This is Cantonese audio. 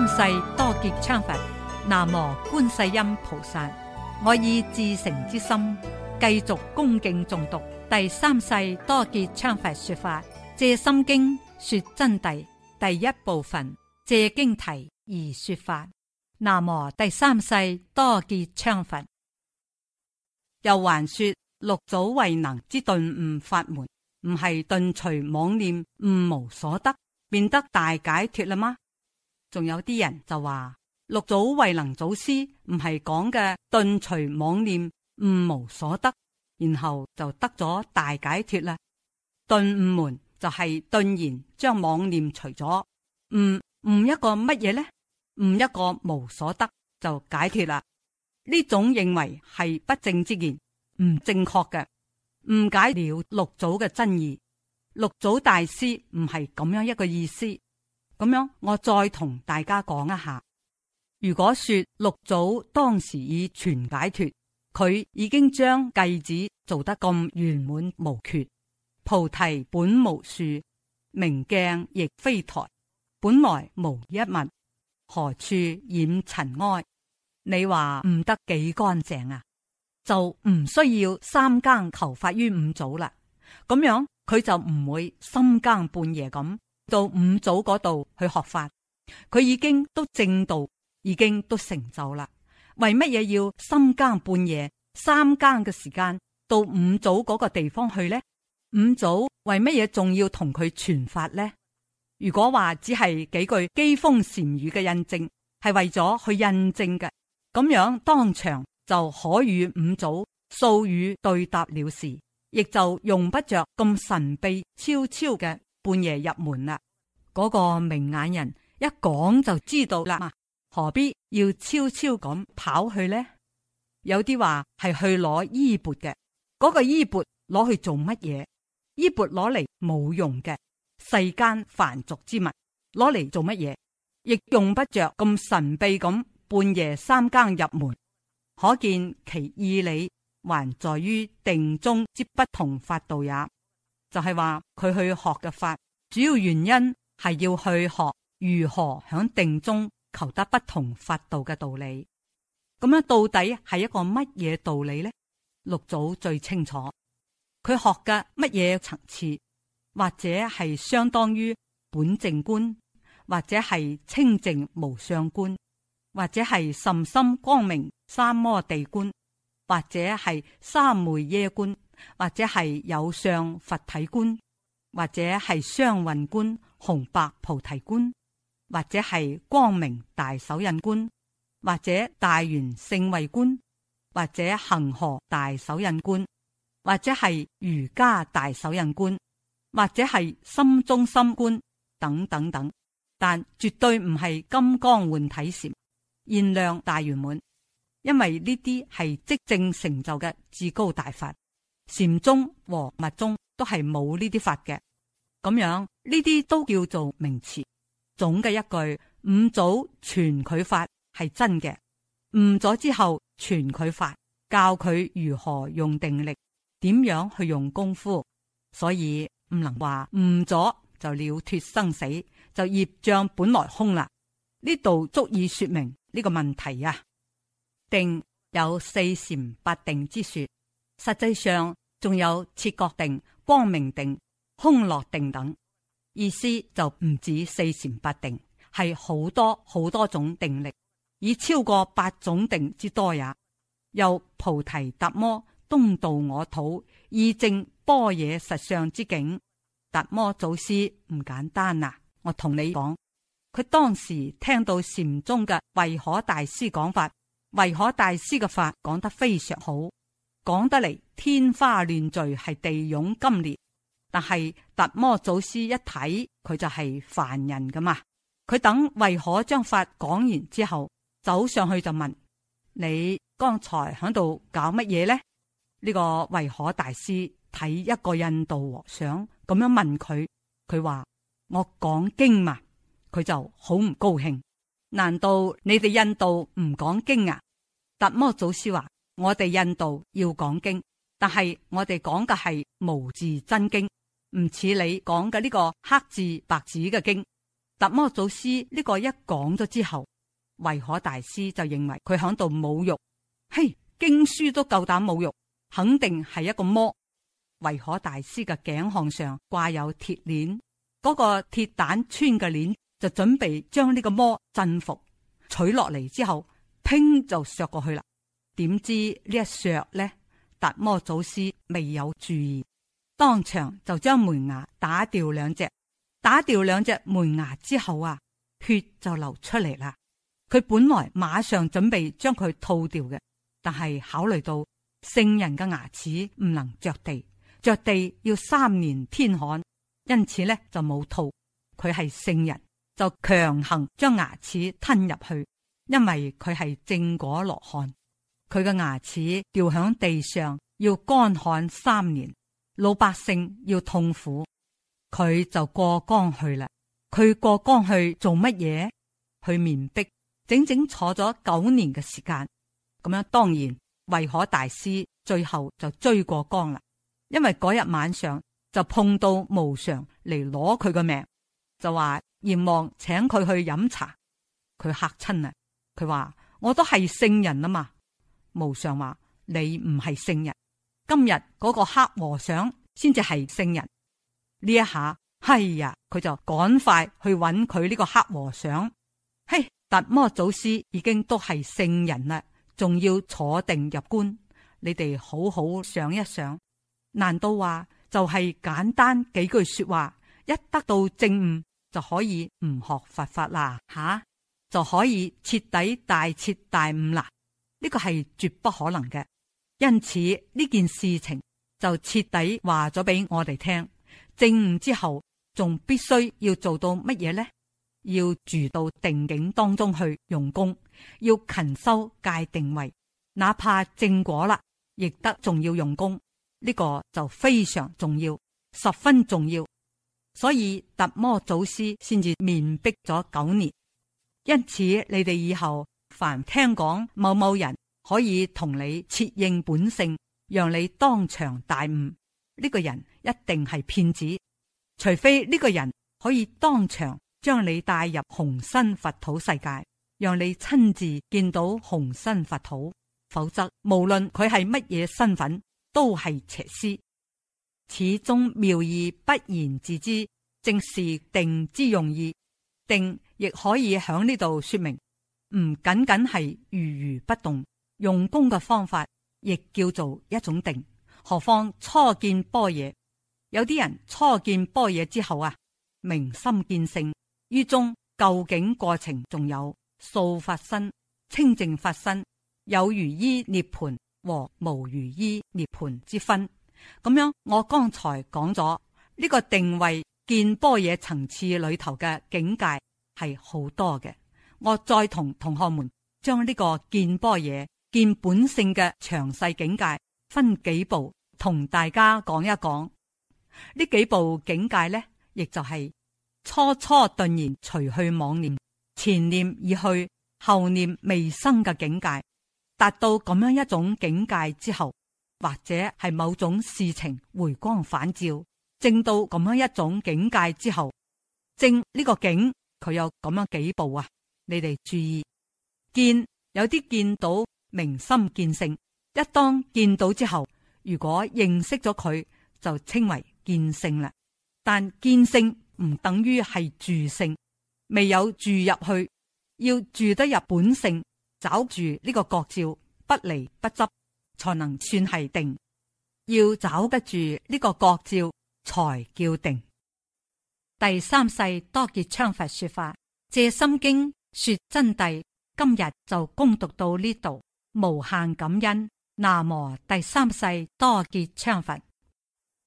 三世多杰羌佛，南無觀世音菩薩。我以至誠之心，繼續恭敬誦讀第三世多杰羌佛說法《藉心經》說真諦第一部分《藉經題》而說法。南無第三世多杰羌佛，又還說六祖慧能之頓悟法門，唔係頓除妄念，悟無所得，變得大解脫了嗎？仲有啲人就話六祖慧能祖師唔係講嘅頓除妄念，悟無所得，然後就得咗大解脫啦。頓悟門就係頓然將妄念除咗，悟，悟一個乜嘢呢？悟一個無所得就解脫啦。呢種認為係不正之言，唔正確嘅，誤解了六祖嘅真義。六祖大師唔係咁樣一個意思。咁樣，我再同大家講一下。如果說六祖當時已全解脫，佢已經將偈子做得咁圓滿無缺，菩提本無樹，明鏡亦非台，本來無一物，何處染塵埃？你話唔得幾乾淨啊？就唔需要三更求法於五祖啦。咁樣佢就唔會深更半夜咁。到五祖嗰度去學法，佢已經都正道，已經都成就啦。為乜嘢要深更半夜、三更嘅時間到五祖嗰個地方去咧？五祖為乜嘢仲要同佢傳法咧？如果話只係幾句機鋒禪語嘅印證，係為咗去印證嘅，咁樣當場就可與五祖數語對答了事，亦就用不着咁神秘潮潮、悄悄嘅。半夜入門啦，嗰、那個明眼人一講就知道啦嘛，何必要悄悄咁跑去呢？有啲話係去攞衣缽嘅，嗰、那個衣缽攞去做乜嘢？衣缽攞嚟冇用嘅，世間凡俗之物，攞嚟做乜嘢？亦用不着咁神秘咁半夜三更入門，可見其義理還在於定中之不同法道也。就係話佢去學嘅法，主要原因係要去學如何響定中求得不同法道嘅道理。咁樣到底係一個乜嘢道理呢？六祖最清楚，佢學嘅乜嘢層次，或者係相當於本淨觀，或者係清淨無相觀，或者係甚深光明三摩地觀。或者係三昧耶觀，或者係有相佛體觀，或者係雙運觀、紅白菩提觀，或者係光明大手印觀，或者大圓勝慧觀，或者恒河大手印觀，或者係瑜伽大手印觀，或者係心中心觀，等等等。但絕對唔係金剛換體禪，現量大圓滿。因為呢啲係即正成就嘅至高大法，禪宗和密宗都係冇呢啲法嘅。咁樣呢啲都叫做名詞。總嘅一句，五祖傳佢法係真嘅，誤咗之後傳佢法，教佢如何用定力，點樣去用功夫。所以唔能話誤咗就了脫生死，就業障本來空啦。呢度足以說明呢個問題啊！定有四禪八定之說，實際上仲有切覺定、光明定、空樂定等，意思就唔止四禪八定，係好多好多種定力，已超過八種定之多也。有菩提達摩東渡我土，意正般若實相之境。達摩祖師唔簡單啊！我同你講，佢當時聽到禪宗嘅慧可大師講法。慧可大師嘅法講得非常好，講得嚟天花亂墜，係地湧金蓮。但係達摩祖師一睇佢就係凡人噶嘛，佢等慧可將法講完之後，走上去就問你剛才響度搞乜嘢咧？呢、這個慧可大師睇一個印度和尚咁樣問佢，佢話我講經嘛，佢就好唔高興。難道你哋印度唔講經啊？達摩祖師話：我哋印度要講經，但係我哋講嘅係無字真經，唔似你講嘅呢個黑字白紙嘅經。達摩祖師呢個一講咗之後，維可大師就認為佢喺度侮辱，嘿經書都夠膽侮辱，肯定係一個魔。維可大師嘅頸項上掛有鐵鏈，嗰個鐵蛋穿嘅鏈。就準備將呢個魔鎮伏，取落嚟之後，拼就削過去啦。點知呢一削呢，達摩祖師未有注意，當場就將門牙打掉兩隻。打掉兩隻門牙之後啊，血就流出嚟啦。佢本來馬上準備將佢吐掉嘅，但係考慮到聖人嘅牙齒唔能着地，着地要三年天旱，因此呢就冇吐。佢係聖人。就強行將牙齒吞入去，因為佢係正果羅漢，佢嘅牙齒掉響地上，要乾旱三年，老百姓要痛苦，佢就過江去啦。佢過江去做乜嘢？去面壁，整整坐咗九年嘅時間。咁樣當然，慧可大師最後就追過江啦，因為嗰日晚上就碰到無常嚟攞佢個命，就話，閻王請佢去飲茶，佢嚇親啦。佢話：我都係聖人啦嘛。無常話：你唔係聖人，今日嗰個黑和尚先至係聖人。呢一下，係、哎、呀，佢就趕快去揾佢呢個黑和尚。嘿，達摩祖師已經都係聖人啦，仲要坐定入觀。你哋好好想一想，難道話就係簡單幾句說話，一得到正悟？就可以唔學佛法啦吓、啊，就可以徹底大徹大悟啦。呢個係絕不可能嘅，因此呢件事情就徹底話咗俾我哋聽。正悟之後，仲必須要做到乜嘢呢？要住到定境當中去用功，要勤修戒定慧。哪怕正果啦，亦得仲要用功。呢個就非常重要，十分重要。所以達摩祖師先至面壁咗九年，因此你哋以後凡聽講某某人可以同你切應本性，讓你當場大悟，呢、這個人一定係騙子，除非呢個人可以當場將你帶入虹身佛土世界，讓你親自見到虹身佛土，否則無論佢係乜嘢身份，都係邪師。始終妙意不言自知，正是定之用意。定亦可以喺呢度說明，唔僅僅係如如不動，用功嘅方法亦叫做一種定。何況初見般若，有啲人初見般若之後啊，明心見性。於中究竟過程，仲有素法身、清淨法身，有如依涅盤和無如依涅盤之分。咁樣，我剛才講咗呢，這個定位見波野層次裏頭嘅境界係好多嘅。我再同同學們將呢個見波野見本性嘅詳細境界分幾步同大家講一講。呢幾步境界呢，亦就係、是、初初頓然除去妄念，前念已去，後念未生嘅境界，達到咁樣一種境界之後。或者係某種事情回光返照，正到咁樣一種境界之後，正呢個境佢有咁樣幾步啊？你哋注意見有啲見到明心見性，一當見到之後，如果認識咗佢，就稱為見性啦。但見性唔等於係住性，未有住入去，要住得入本性，找住呢個覺照，不離不執。才能算係定，要找得住呢個國照才叫定。第三世多杰羌佛說法《藉心經》說真諦，今日就恭讀到呢度，無限感恩。南無第三世多杰羌佛。